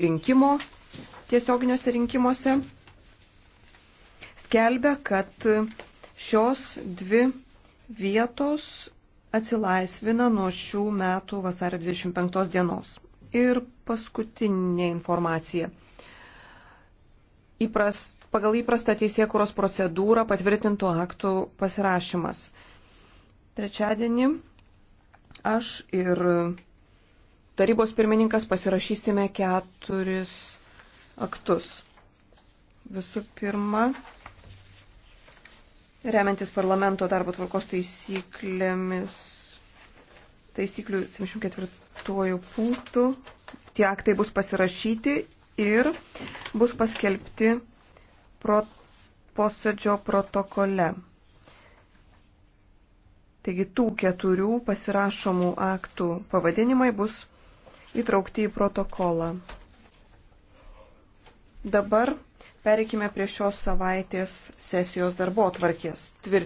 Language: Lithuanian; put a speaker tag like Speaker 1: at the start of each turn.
Speaker 1: rinkimo tiesioginiuose rinkimuose skelbia, kad šios dvi vietos atsilaisvina nuo šių metų vasario 25 dienos. Ir paskutinė informacija. Įprast, pagal įprastą teisėkuros procedūrą patvirtintų aktų pasirašymas. Trečiadienį aš ir tarybos pirmininkas pasirašysime keturis aktus. Visų pirma, remiantis parlamento darbo tvarkos taisyklėmis, taisyklių 74 punktų, tie aktai bus pasirašyti ir bus paskelbti pro, posėdžio protokole. Taigi tų keturių pasirašomų aktų pavadinimai bus įtraukti į protokolą. Dabar pereikime prie šios savaitės
Speaker 2: sesijos darbo atvarkės.